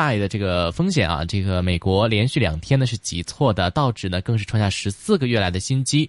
大的這個風險啊，這個美國連續兩天呢是急挫的，道指呢更是創下十四個月來的新低。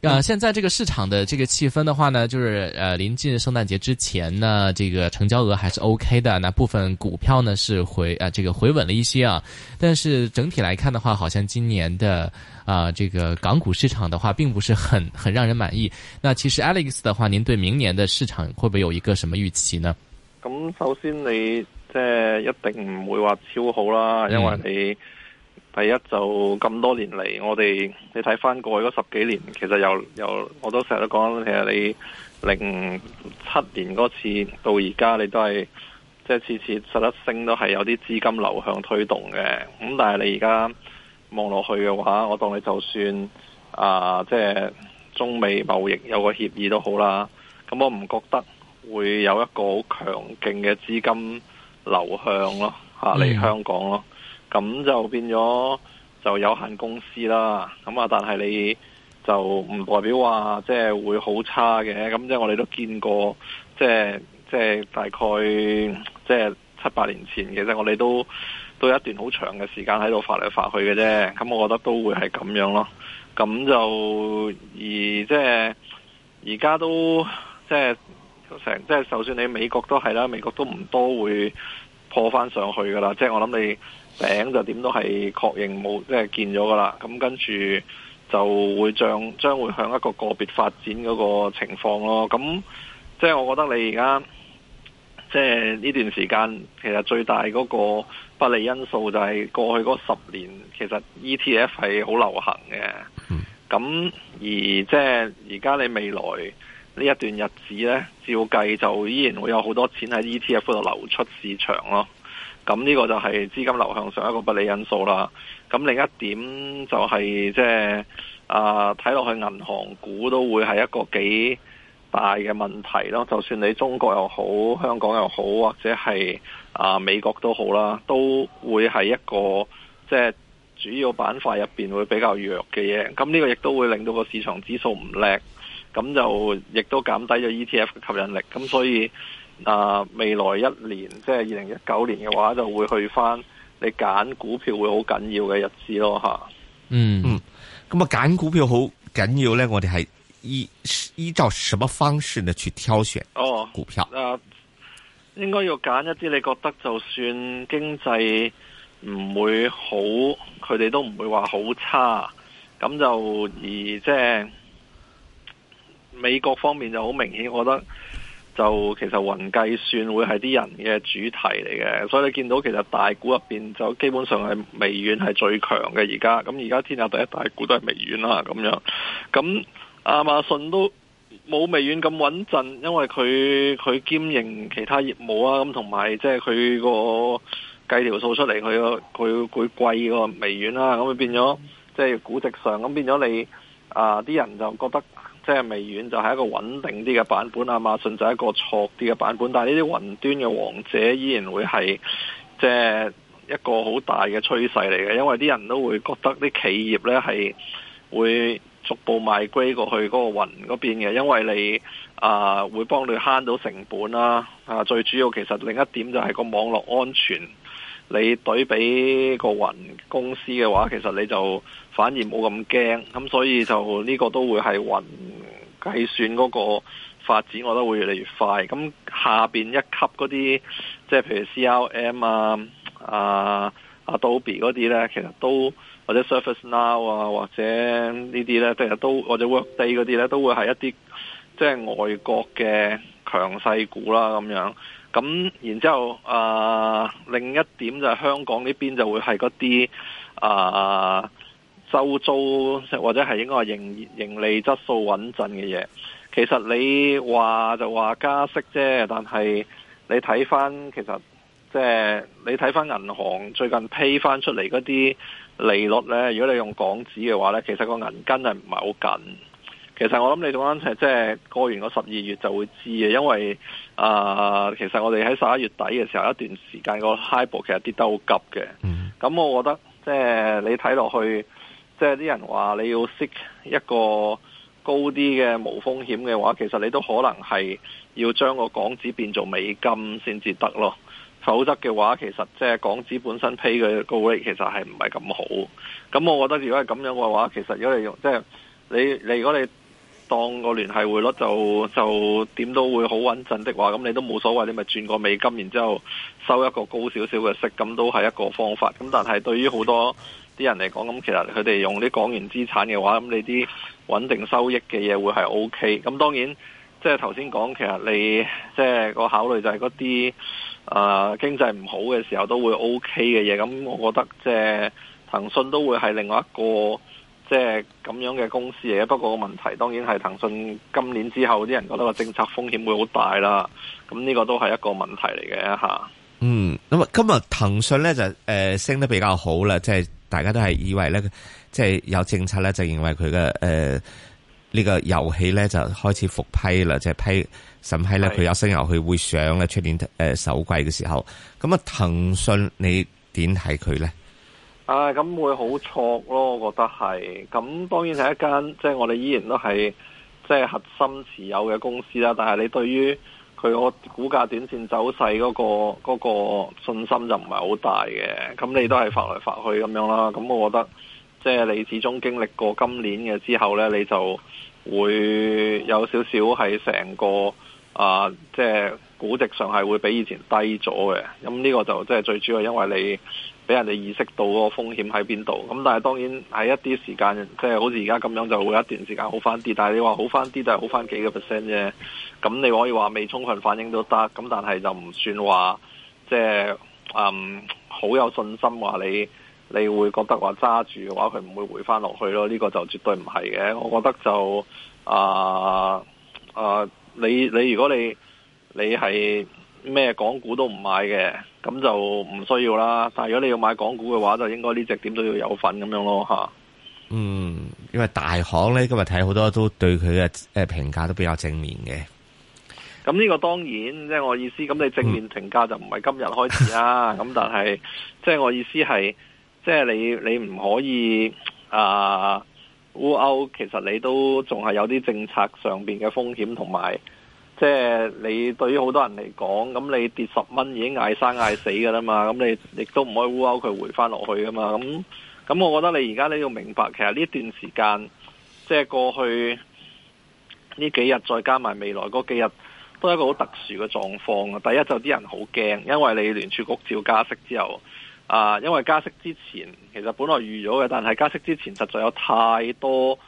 呃、啊，現在這個市場的這個氣氛的話呢，就是呃，臨近聖誕節之前呢，這個成交額還是 OK 的，那部分股票呢是回呃、啊、這個回穩了一些啊，但是整體來看的話，好像今年的啊、呃、這個港股市場的話，並不是很很讓人滿意。那其實 Alex 的話，您對明年的市場會不會有一個什麼預期呢？咁首先你即係一定唔會話超好啦，因為你。第一就咁多年嚟，我哋你睇翻過去嗰十幾年，其實由由我都成日都講，其實你零七年嗰次到而家，你都係即係次次實質升都係有啲資金流向推動嘅。咁但係你而家望落去嘅話，我當你就算啊，即係中美貿易有個協議都好啦，咁我唔覺得會有一個好強勁嘅資金流向咯吓嚟香港咯。咁就變咗就有限公司啦，咁啊，但係你就唔代表話即係會好差嘅，咁即係我哋都見過，即係即係大概即係七八年前，其實我哋都都有一段好長嘅時間喺度發嚟發去嘅啫，咁我覺得都會係咁樣咯。咁就而即係而家都即係成，即係就算你美國都係啦，美國都唔多會。破返上去㗎喇，即係我諗你餅就點都係確認冇即係見咗㗎喇。咁跟住就會將將會向一個個別發展嗰個情況咯。咁即係我覺得你而家即係呢段時間，其實最大嗰個不利因素就係過去嗰十年其實 ETF 係好流行嘅，咁、嗯、而即係而家你未來。呢一段日子呢，照計就依然會有好多錢喺 ETF 度流出市場咯。咁呢個就係資金流向上一個不利因素啦。咁另一點就係即係啊，睇落去銀行股都會係一個幾大嘅問題咯。就算你中國又好，香港又好，或者係啊美國都好啦，都會係一個即係主要板塊入面會比較弱嘅嘢。咁呢個亦都會令到個市場指數唔叻。咁就亦都減低咗 ETF 嘅吸引力，咁所以啊，未來一年即係二零一九年嘅話，就會去翻你揀股票會好緊要嘅日子咯，吓、嗯，嗯，咁啊揀股票好緊要呢？我哋係依依照什麼方式呢去挑選股票？哦、啊，應該要揀一啲你覺得就算經濟唔會好，佢哋都唔會話好差，咁就而即、就、係、是。美國方面就好明顯，我覺得就其實雲計算會係啲人嘅主題嚟嘅，所以你見到其實大股入邊就基本上係微軟係最強嘅，而家咁而家天下第一大股都係微軟啦，咁樣，咁亞馬遜都冇微軟咁穩陣，因為佢佢兼營其他業務啊，咁同埋即係佢個計條數出嚟，佢佢佢貴個微軟啦，啊，咁變咗即係估值上，咁變咗你啊啲人就覺得。即係微軟就係一個穩定啲嘅版本，亞馬遜就係一個錯啲嘅版本，但係呢啲雲端嘅王者依然會係即係一個好大嘅趨勢嚟嘅，因為啲人都會覺得啲企業呢係會逐步賣歸過去嗰個雲嗰邊嘅，因為你啊會幫你慳到成本啦，啊最主要其實另一點就係個網絡安全。你對比個雲公司嘅話，其實你就反而冇咁驚，咁所以就呢個都會係雲計算嗰個發展，我覺得會越嚟越快。咁下面一級嗰啲，即係譬如 CRM 啊、啊、Adobe 嗰啲呢，其實都或者 Surface Now 啊，或者呢啲呢，其實都或者 Workday 嗰啲呢，都會係一啲即係外國嘅強勢股啦咁樣。咁，然之後啊、呃，另一點就係香港呢邊就會係嗰啲啊收租，或者係應該係盈盈利質素穩陣嘅嘢。其實你話就話加息啫，但係你睇翻其實即係、就是、你睇翻銀行最近批翻出嚟嗰啲利率呢。如果你用港紙嘅話呢，其實個銀根係唔係好緊。其實我諗你講緊即係過完個十二月就會知嘅，因為啊、呃，其實我哋喺十一月底嘅時候一段時間個 HIBOR 其實跌得好急嘅。咁、嗯、我覺得即係你睇落去，即係啲人話你要搵一個高啲嘅無風險嘅話，其實你都可能係要將個港紙變做美金先至得咯。否則嘅話，其實即係港紙本身畀嘅高位其實係唔係咁好。咁我覺得如果係咁樣嘅話，其實如果你用即係你你如果你當個聯繫匯率就就點都會好穩陣的話，咁你都冇所謂，你咪轉個美金，然之後收一個高少少嘅息，咁都係一個方法。咁但係對於好多啲人嚟講，咁其實佢哋用啲港元資產嘅話，咁你啲穩定收益嘅嘢會係 OK。咁當然即係頭先講，其實你即係個考慮就係嗰啲誒經濟唔好嘅時候都會 OK 嘅嘢。咁我覺得即係、就是、騰訊都會係另外一個。.即係咁樣嘅公司嚟嘅，不過個問題當然係騰訊今年之後啲人覺得個政策風險會好大啦，咁呢個都係一個問題嚟嘅吓。嗯，咁啊，今日騰訊咧，就誒升得比較好啦，即係大家都係以為咧，即係有政策咧就認為佢嘅誒呢個遊戲咧就開始復批啦，即係批審批咧，佢有新遊戲會上咧，出年誒首季嘅時候，咁啊，騰訊你點睇佢咧？啊，咁會好錯咯，我覺得係。咁當然係一間，即係我哋依然都係即係核心持有嘅公司啦。但係你對於佢個股價短線走勢嗰個嗰個信心就唔係好大嘅。咁你都係發來發去咁樣啦。咁我覺得，即係你始終經歷過今年嘅之後呢，你就會有少少係成個啊，即係。估值上係會比以前低咗嘅，咁呢個就即係最主要，因為你俾人哋意識到嗰個風險喺邊度。咁但係當然喺一啲時間，即係好似而家咁樣就會一段時間好翻啲，但係你話好翻啲就係好翻幾個 percent 啫。咁你可以話未充分反應都得，咁但係就唔算話即係好有信心話你你會覺得話揸住嘅話佢唔會回翻落去咯。呢個就絕對唔係嘅。我覺得就啊啊，你你如果你。你係咩港股都唔買嘅，咁就唔需要啦。但係如果你要買港股嘅話，就應該呢隻點都要有份咁樣咯吓。嗯，因為大行呢，今日睇好多都對佢嘅誒評價都比較正面嘅。咁呢個當然，即係我意思，咁你正面評價就唔係今日開始啦。咁、嗯、 但係即係我意思係，即係你你唔可以啊、呃、烏歐，其實你都仲係有啲政策上邊嘅風險同埋。即係你對於好多人嚟講，咁你跌十蚊已經嗌生嗌死㗎啦嘛，咁你亦都唔可以烏鈎佢回返落去㗎嘛，咁咁我覺得你而家你要明白，其實呢段時間即係過去呢幾日，再加埋未來嗰幾日，都係一個好特殊嘅狀況啊！第一就啲人好驚，因為你聯儲局照加息之後，啊，因為加息之前其實本來預咗嘅，但係加息之前實在有太多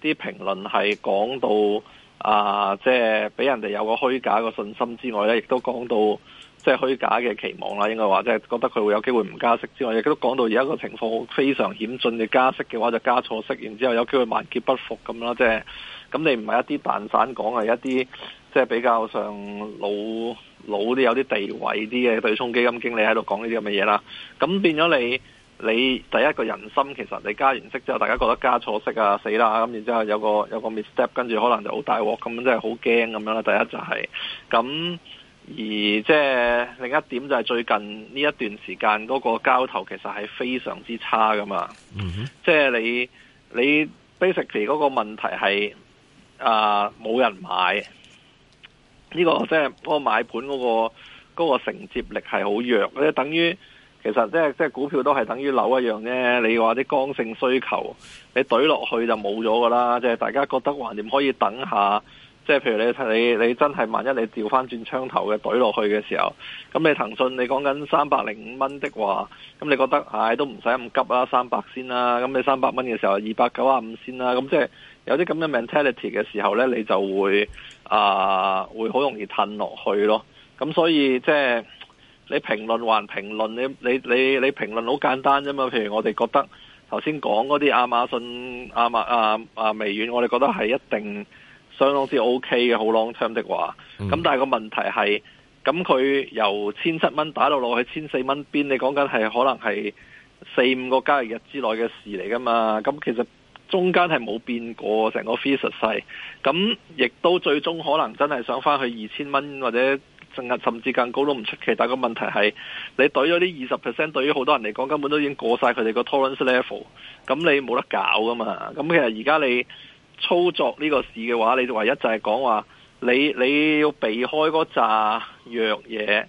啲評論係講到。啊，即係俾人哋有個虛假嘅信心之外咧，亦都講到即係虛假嘅期望啦，應該話即係覺得佢會有機會唔加息之外，亦都講到而家個情況非常險峻嘅加息嘅話，就加錯息，然之後有機會萬劫不復咁啦，即係咁你唔係一啲蛋散講，係一啲即係比較上老老啲有啲地位啲嘅對沖基金經理喺度講呢啲咁嘅嘢啦，咁變咗你。你第一個人心其實你加完息之後，大家覺得加錯息啊，死啦咁，然之後有個有個 mistake，跟住可能就好大鑊，咁即係好驚咁樣啦。第一就係、是、咁，而即係、就是、另一點就係最近呢一段時間嗰、那個交投其實係非常之差噶嘛。即係、嗯、哼你你 basically 嗰個問題係啊冇人買呢、這個即係嗰個買盤嗰、那個那個承接力係好弱，即係等於。其實即係即係股票都係等於樓一樣咧。你話啲剛性需求，你懟落去就冇咗噶啦。即係大家覺得還掂可以等下。即係譬如你你你真係萬一你調翻轉槍頭嘅懟落去嘅時候，咁你騰訊你講緊三百零五蚊的話，咁你覺得唉都唔使咁急啦，三百先啦。咁你三百蚊嘅時候二百九啊五先啦。咁即係有啲咁嘅 mentality 嘅時候呢，你就會啊會好容易褪落去咯。咁所以即係。你評論還評論，你你你你評論好簡單啫嘛。譬如我哋覺得頭先講嗰啲亞馬遜、亞馬啊啊微軟，我哋覺得係一定相當之 OK 嘅，好 long term 的話。咁但係個問題係，咁佢由千七蚊打到落去千四蚊邊，你講緊係可能係四五個交易日之內嘅事嚟㗎嘛？咁其實中間係冇變過成個 free 實勢。咁亦都最終可能真係想返去二千蚊或者。甚至更高都唔出奇，但係個問題係你懟咗呢二十 percent，對於好多人嚟講根本都已經過晒佢哋個 tolerance level，咁你冇得搞噶嘛？咁其實而家你操作呢個市嘅話，你唯一就係講話你你要避開嗰紮弱嘢，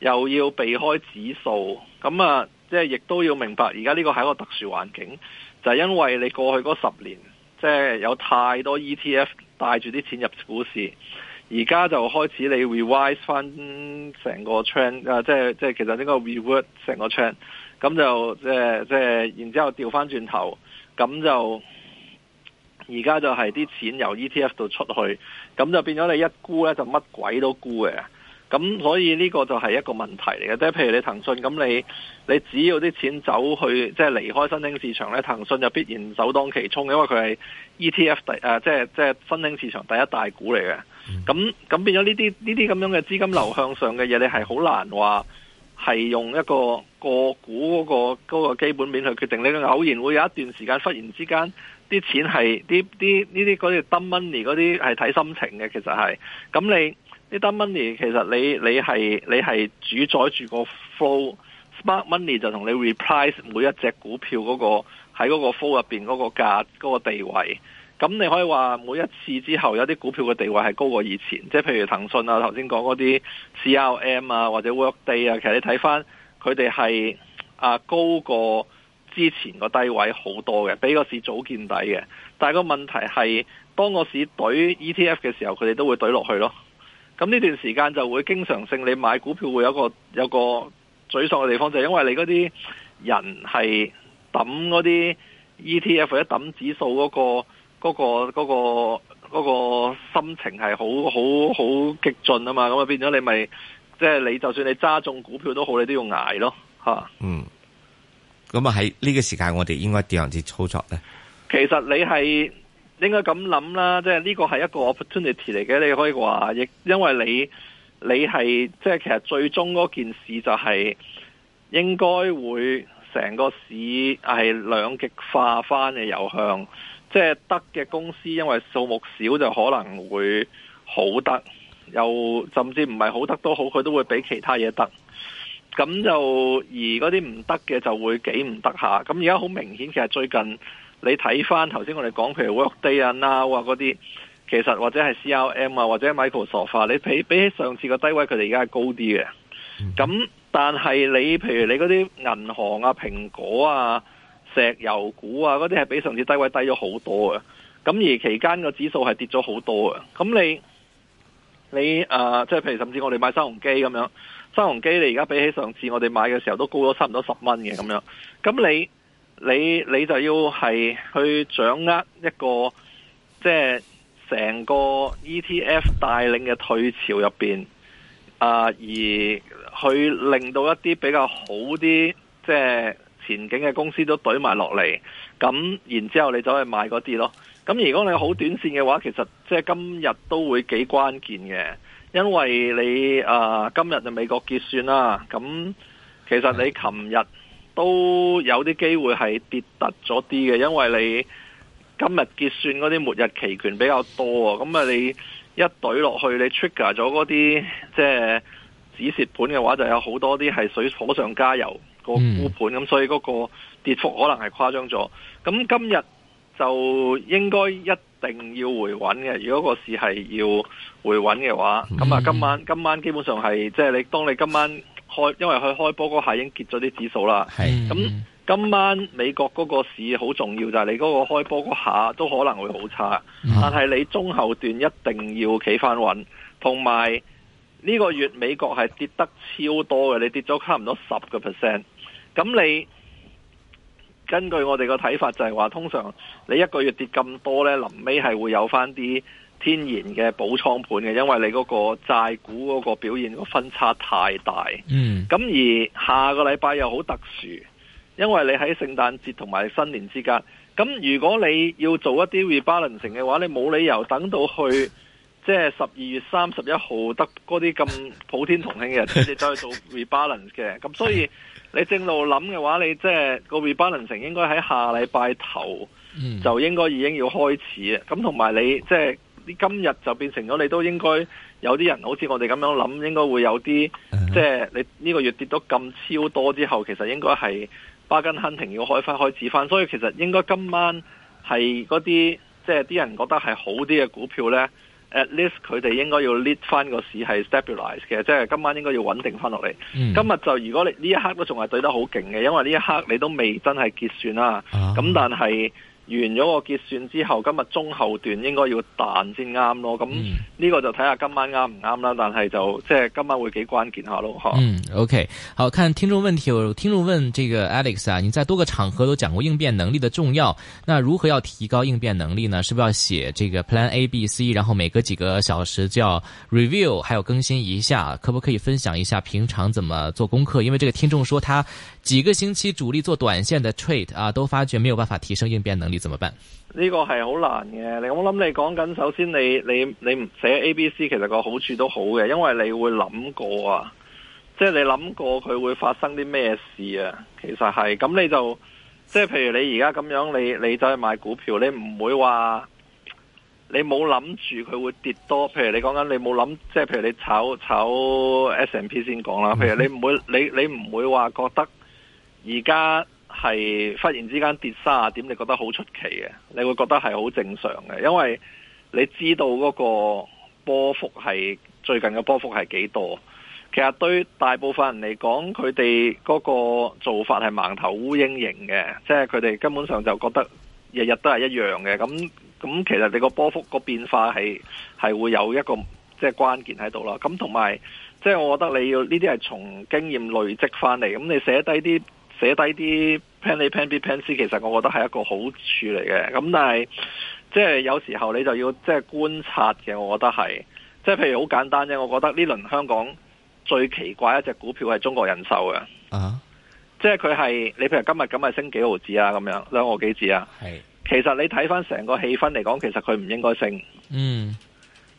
又要避開指數，咁啊即係亦都要明白而家呢個係一個特殊環境，就係、是、因為你過去嗰十年即係、就是、有太多 ETF 帶住啲錢入股市。而家就開始你 revise 翻成個 trend，啊、即係即係其實應該 reword 成個 trend，咁就即係即係然之後調翻轉頭，咁就而家就係啲錢由 ETF 度出去，咁就變咗你一沽咧就乜鬼都沽嘅，咁所以呢個就係一個問題嚟嘅。即係譬如你騰訊咁，你你只要啲錢走去即係離開新興市場咧，騰訊就必然首當其衝，因為佢係 ETF 第、啊、即係即係新興市場第一大股嚟嘅。咁咁變咗呢啲呢啲咁樣嘅資金流向上嘅嘢，你係好難話係用一個個股嗰個嗰個基本面去決定。你偶然會有一段時間，忽然之間啲錢係啲啲呢啲嗰啲 dumb money 嗰啲係睇心情嘅。其實係咁，你呢 dumb money 其實你你係你係主宰住個 flow，smart money 就同你 reprice 每一隻股票嗰個喺嗰個 flow 入邊嗰個價嗰個地位。咁你可以話每一次之後有啲股票嘅地位係高過以前，即係譬如騰訊啊，頭先講嗰啲 CRM 啊或者 Workday 啊，其實你睇翻佢哋係啊高過之前個低位好多嘅，比個市早見底嘅。但係個問題係，當個市懟 E T F 嘅時候，佢哋都會懟落去咯。咁呢段時間就會經常性你買股票會有一個有個沮喪嘅地方，就係因為你嗰啲人係抌嗰啲 E T F 或者抌指數嗰個。嗰個嗰個嗰個心情係好好好激進啊嘛，咁啊變咗你咪即係你就算你揸中股票都好，你都要挨咯吓。嗯，咁啊喺呢個時間我哋應該點樣子操作咧？其實你係應該咁諗啦，即係呢個係一個 opportunity 嚟嘅，你可以話亦因為你你係即係其實最終嗰件事就係應該會成個市係兩極化翻嘅由向。即係得嘅公司，因為數目少，就可能會好得，又甚至唔係好得都好，佢都會比其他嘢得。咁就而嗰啲唔得嘅就會幾唔得下。咁而家好明顯，其實最近你睇返頭先我哋講，譬如 Workday 啊、Now 啊嗰啲，其實或者係 CRM 啊或者 Microsoft 啊，你比比起上次個低位，佢哋而家係高啲嘅。咁但係你譬如你嗰啲銀行啊、蘋果啊，石油股啊，嗰啲係比上次低位低咗好多嘅。咁而期間個指數係跌咗好多嘅，咁你你誒、呃，即係譬如甚至我哋買新鴻基咁樣，新鴻基你而家比起上次我哋買嘅時候都高咗差唔多十蚊嘅咁樣，咁你你你就要係去掌握一個即係成個 ETF 帶領嘅退潮入邊，啊、呃、而去令到一啲比較好啲即係。前景嘅公司都懟埋落嚟，咁然之後你走去買嗰啲咯。咁如果你好短線嘅話，其實即係今日都會幾關鍵嘅，因為你啊、呃、今日就美國結算啦、啊。咁其實你琴日都有啲機會係跌突咗啲嘅，因為你今日結算嗰啲末日期權比較多啊、哦。咁啊，你一懟落去，你 trigger 咗嗰啲即係止蝕盤嘅話，就有好多啲係水火上加油。個沽盤咁，嗯、咁所以嗰個跌幅可能係誇張咗。咁今日就應該一定要回穩嘅。如果嗰個市係要回穩嘅話，咁啊，今晚今晚基本上係即係你當你今晚開，因為佢開波嗰下已經跌咗啲指數啦。係咁是，咁今晚美國嗰個市好重要，就係、是、你嗰個開波嗰下都可能會好差，嗯、但係你中後段一定要企翻穩。同埋呢個月美國係跌得超多嘅，你跌咗差唔多十個 percent。咁你根據我哋個睇法，就係話，通常你一個月跌咁多呢，臨尾係會有翻啲天然嘅補倉盤嘅，因為你嗰個債股嗰個表現個分差太大。嗯，咁而下個禮拜又好特殊，因為你喺聖誕節同埋新年之間，咁如果你要做一啲 rebalance 成嘅話，你冇理由等到去即係十二月三十一號得嗰啲咁普天同慶嘅日子，你走 去做 rebalance 嘅，咁所以你正路諗嘅話，你即係個 rebalance 成應該喺下禮拜頭就應該已經要開始。咁同埋你即係、就是、今日就變成咗，你都應該有啲人好似我哋咁樣諗，應該會有啲 即係你呢個月跌到咁超多之後，其實應該係巴根亨廷要開翻開始翻，所以其實應該今晚係嗰啲即係啲人覺得係好啲嘅股票呢。at least 佢哋應該要 lift 翻個市係 stabilize 嘅，即係今晚應該要穩定翻落嚟。嗯、今日就如果你呢一刻都仲係對得好勁嘅，因為呢一刻你都未真係結算啦。咁、啊啊、但係。完咗個結算之後，今日中後段應該要彈先啱咯。咁呢個就睇下今晚啱唔啱啦。但係就即係今晚會幾關鍵下咯，吓，嗯。嗯，OK，好，看聽眾問題，有聽眾問這個 Alex 啊，你在多個場合都講過應變能力的重要，那如何要提高應變能力呢？是不是要寫這個 Plan A B C，然後每隔幾個小時就要 review，還有更新一下？可不可以分享一下平常怎麼做功課？因為這個聽眾說他幾個星期主力做短線的 trade 啊，都發覺沒有辦法提升應變能力。呢個係好難嘅，我想你我諗你講緊，首先你你你唔寫 A、B、C，其實個好處都好嘅，因為你會諗過啊，即係你諗過佢會發生啲咩事啊。其實係咁，你就即係譬如你而家咁樣，你你走去買股票，你唔會話你冇諗住佢會跌多。譬如你講緊，你冇諗，即係譬如你炒炒 S&P 先講啦。譬如你唔會，你你唔會話覺得而家。係忽然之間跌卅點，你覺得好出奇嘅？你會覺得係好正常嘅？因為你知道嗰個波幅係最近嘅波幅係幾多？其實對大部分人嚟講，佢哋嗰個做法係盲頭烏蠅型嘅，即係佢哋根本上就覺得日日都係一樣嘅。咁咁，其實你個波幅個變化係係會有一個即係、就是、關鍵喺度咯。咁同埋，即、就、係、是、我覺得你要呢啲係從經驗累積翻嚟。咁你寫低啲。寫低啲 plan A、plan B、plan C，其實我覺得係一個好處嚟嘅。咁但係，即係有時候你就要即係觀察嘅。我覺得係，即係譬如好簡單啫。我覺得呢輪香港最奇怪一隻股票係中國人壽嘅。啊、uh！Huh. 即係佢係你譬如今日咁啊升幾毫子啊咁樣兩個幾字啊。Uh huh. 其實你睇翻成個氣氛嚟講，其實佢唔應該升。嗯。Mm.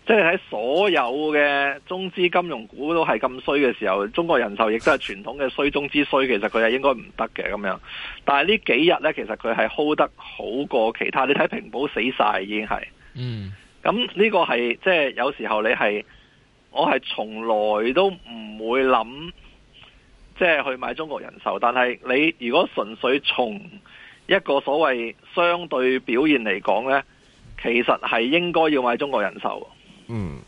即係喺所有嘅中資金融股都係咁衰嘅時候，中國人壽亦都係傳統嘅衰中之衰，其實佢係應該唔得嘅咁樣。但係呢幾日呢，其實佢係 hold 得好過其他。你睇平保死晒，已經係嗯咁樣，咁呢個係即係有時候你係我係從來都唔會諗，即係去買中國人壽。但係你如果純粹從一個所謂相對表現嚟講呢，其實係應該要買中國人壽。嗯，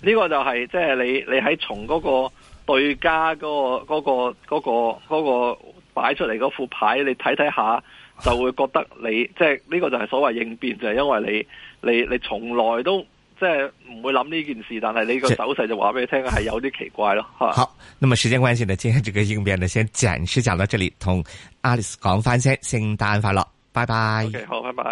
呢個就係即係你你喺從嗰個對家嗰個嗰個嗰個嗰個擺出嚟嗰副牌，你睇睇下就會覺得你即係呢個就係所謂應變，就係、是、因為你你你從來都即係唔會諗呢件事，但係你個手勢就話俾你聽係是有啲奇怪咯。好，咁時間關係呢，今日呢個應變呢，先暫時講到呢度，同 Alice 講翻聲，聖誕快樂，拜拜。OK，好，拜拜。